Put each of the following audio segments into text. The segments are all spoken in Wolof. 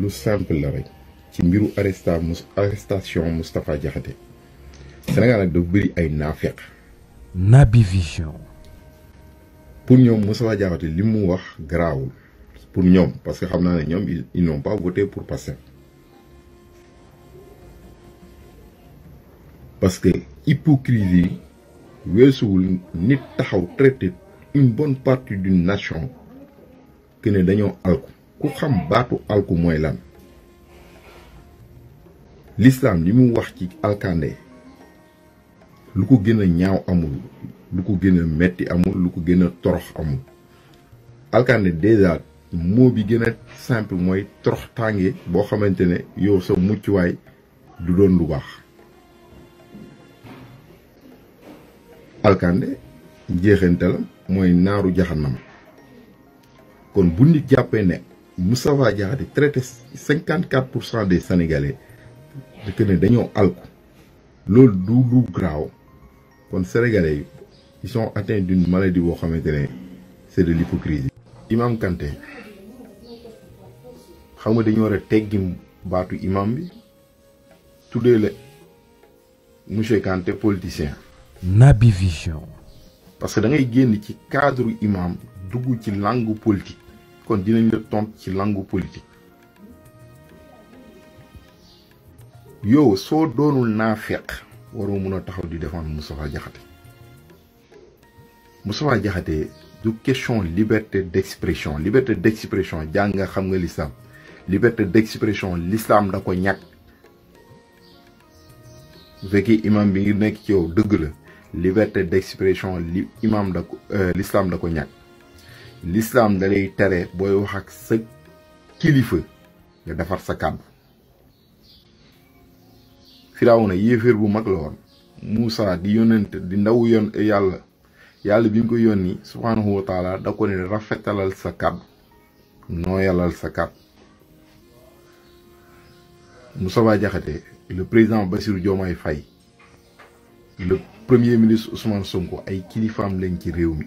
le simple la rek ci mbiru arrestation Mustapha Sénégal ay Vision pour ñom Mustapha limu pour ñom parce que ils n'ont pas voté pour passer parce que hypocrisie nit taxaw traité une bonne partie d'une nation que ne dañoo ku xam baatu alku mooy lan wax ci alkande lu ko gën a lu ko gën metti amul lu ko gën a torox amul dèjà moo bi gën a simple mooy tànge boo xamante ne yow sa du doon lu baax alkande jeexantalam mooy naaru jaxanam kon bu nit jàppee ne Moussa Diakhaté traité cinquante 54% des sénégalais de ne dañoo alcool. loolu du lu graaw kon sénégalais ils sont atteints d'une maladie boo xamante ne c'est de l'hypocrisie imam Kanté quand nga dañu war a teggi baatu imam bi tuddee la monsieur Kanté politicien Nabi Vision parce que dans ngay génn ci cadre imam dugg ci langue politique kon dinañ la tontu ci langue politique Yo, so doonul naafeq waro mun a taxaw di défendre Moustapha Diakhaté Moustapha Diakhaté du question liberté d'expression liberté d'expression jang nga xam nga l'islam liberté d'expression l'islam da ko ñak imam bi qui nekk ci yow la liberté d'expression da euh, l'islam da ko l'islam da tere booy wax ak sa kilifa nga defar sa kàddu firawna yéeféer bu mag la woon Moussa di yonent di ndaw yoon yàlla yàlla bi ñu ko yónni subhaanahu wa taala da ko ne rafetalal sa kàddu nooyalal sa kàddu le président Bassirou Diomaye fay le premier ministre Ousmane Sonko ay kilifaam lañ ci réew mi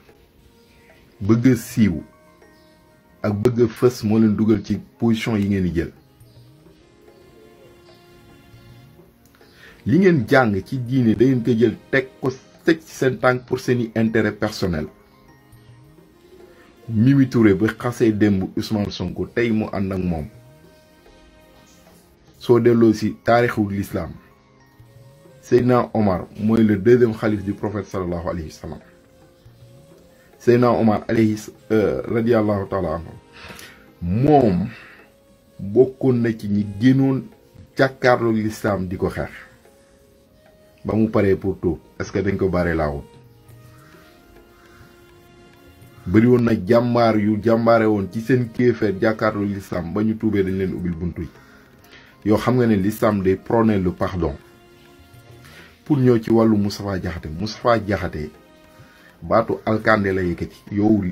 bëgg a siiw ak bëgg a fës moo leen dugal ci position yi ngeen di jël li ngeen jàng ci diine da ngeen ko jël teg ko teg ci seen tànk pour seeni intérêt personnel Mimi Touré ba xasee démb Ousmane Sonko tey mu ànd ak moom soo delloo si taarixu l'islam Seydina Omar mooy le deuxième xalif du prophète sallallahu alayhi wa sallam Seydina Omar alayhi euh, radiallahu taala anhu moom bokkoon na ci ñi génnoon jàkkaarloo lislaam di ko xeex ba mu paree pour tuub est que dañ ko bare laawut bëri woon na jàmbaar yu jàmbaare woon ci seen kéefeer jàkkaarloo lislaam ba ñu tuubee dañ leen ubbil bunt yi yoo xam nga ne lislaam day prone le pardon pour ñëw ci wàllu Moustapha Diakhaté Moustapha Diakhaté Batu alkande la yeketi yow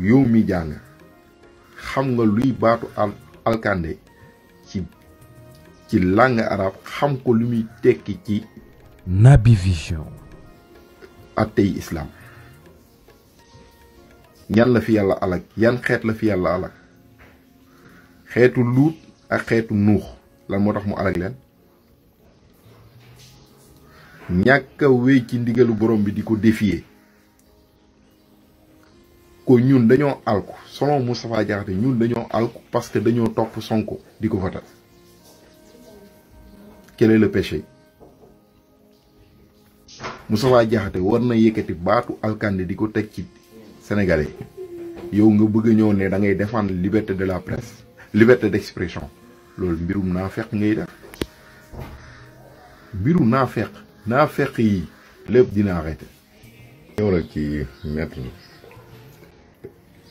yow mi jang xam nga luy batu al alkande ci ci lang arab xam ko ci nabi vision atay islam ñan la fi yalla alak yan xet la fi yalla alak xetu lut ak xetu nuh lan motax mu alak len ñaka wéy ci ndigalu borom bi diko ko ñun dañoo alku solo Moustapha Diakhaté ñun dañoo alku parce que dañoo top Sonko diko ko votal quel est le péché Moustapha Diakhaté war na yëkkati baatu alkande diko ko ci sénégalais yow nga bëgg ñoo né da ngay défendre liberté de la presse liberté d'expression lool mbirum naa feq ngay def mbirum naa feq naa feq yi lepp dina arrêté yow la ci mettre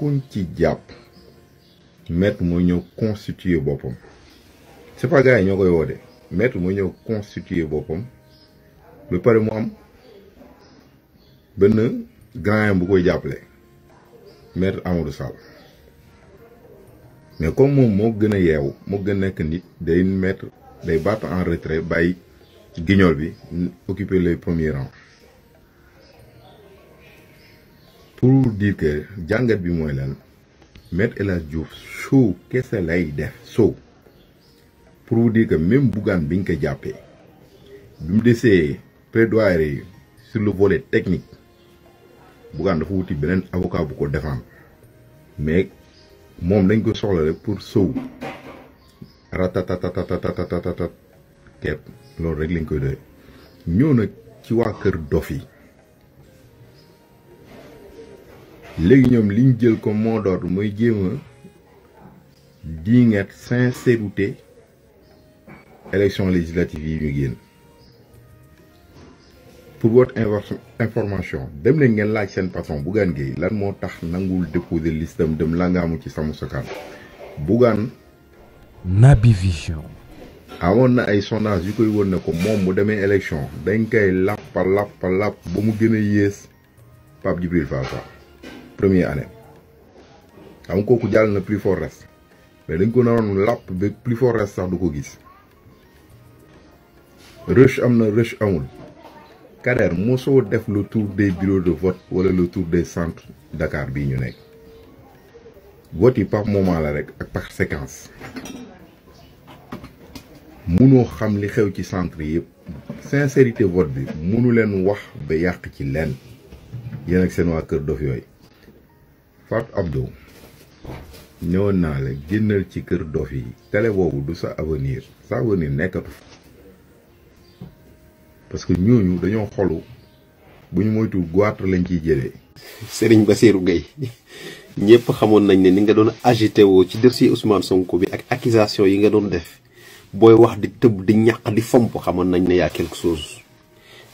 kuñ ci jàpp maître mooy constituer boppam c'est pas gars yi ñoo koy woote maître mooy ñëw constituer boppam ba paré mo am ben grand bu koy jàppale maître Amadou Sall mais comme mon mo gëna yew mo moo gën a nit day mettre day battre en retrait ci guignol bi occuper les premiers rangs pour dire que jàngat bi mooy lan Maître El Hadji Diouf show kese lay def show pour dire que même Bougane biñ ko jàppee bi mu desee plaidoyer sur le volet technique Bougane dafa wuti beneen avocat bu ko défendre mais moom dañ ko soxla rek pour show ratatatatatatatat kepp loolu rek lañ koy doy ñëw nag ci waa kër dof yi léegi ñoom liñ jël ko moo doot mooy jéem a sincérité élection législative yi ñu pour votre information dem leen ngeen laaj seen patron Bougane Gueye lan mo tax nangul déposer listam dem la nga amu ci samu sakaan Bougane nabi Vision amoon na ay sondage yu koy won ko moom bu demee élection dañ la làppa làppa làpp mu gën a Pape Djibril première année xam nga kooku na plus fort reste mais dañ ko naroon làpp plus fort reste sax du ko gis rush am rush amul Kader mosoo def le tour des bureaux de vote wala le tour des centres Dakar bii ñu nekk vote yi par moment la rek ak par séquence munoo xam li xew ci centre yëpp sincérité vote bi munu leen wax ba yàq ci leen yéen ak seen waa kër dof yooyu Fat Abdou ñëwoon naa la génnal ci kër dof yi boobu du sa avenir sa avenir nekkatu parce que ñooñu dañoo xolu bu ñu moytu goitre lañ ciy jëlee. Serigne Bassirou Gueye ñëpp xamoon nañ ne ni nga doon agité woo ci dossier Ousmane Sonko bi ak accusation yi nga doon def booy wax di tëb di ñax di fomp xamoon nañ ne yaa quelque chose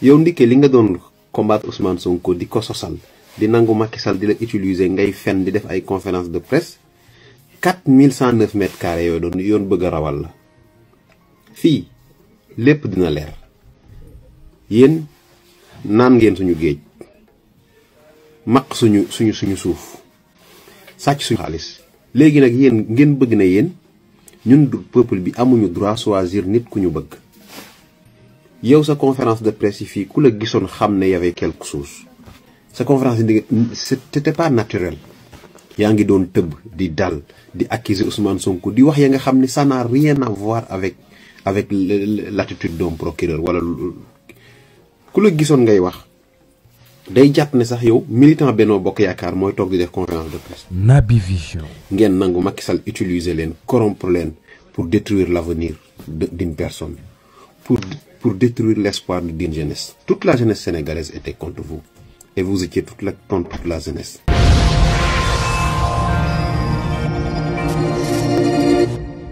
yow ndikkee li nga doon combattre Ousmane Sonko di ko sosal. di nangou Macky Sall di la utiliser ngay fenn di def ay conférence de presse 4109 m2 yo mètres carrés yooyu bëgg rawal la fii lépp dina leer yeen naan ngeen suñu geej maq suñu suñu suñu suuf sacc suñu xaliss léegi nak yeen ngeen bëgg na yeen ñun du peuple bi amuñu droit choisir nit kuñu bëgg yow sa conférence de presse fi fii ku la gisoon xam ne quelque chose cette conférence n'était c'était pas naturel Il ngi a un di dal di accuser Ousmane Sonko di wax ya nga ça n'a rien à voir avec avec l'attitude d'un procureur wala kou la vous ngay wax day militants ont sax yow militant beno Bokk yakar moy toog di def conférence de presse. nabi Vision. ngeen nangu Macky Sall utiliser les corrompre pour détruire l'avenir d'une personne pour pour détruire l'espoir d'une jeunesse toute la jeunesse sénégalaise était contre vous et vous étiez toute la, contre toute la jeunesse.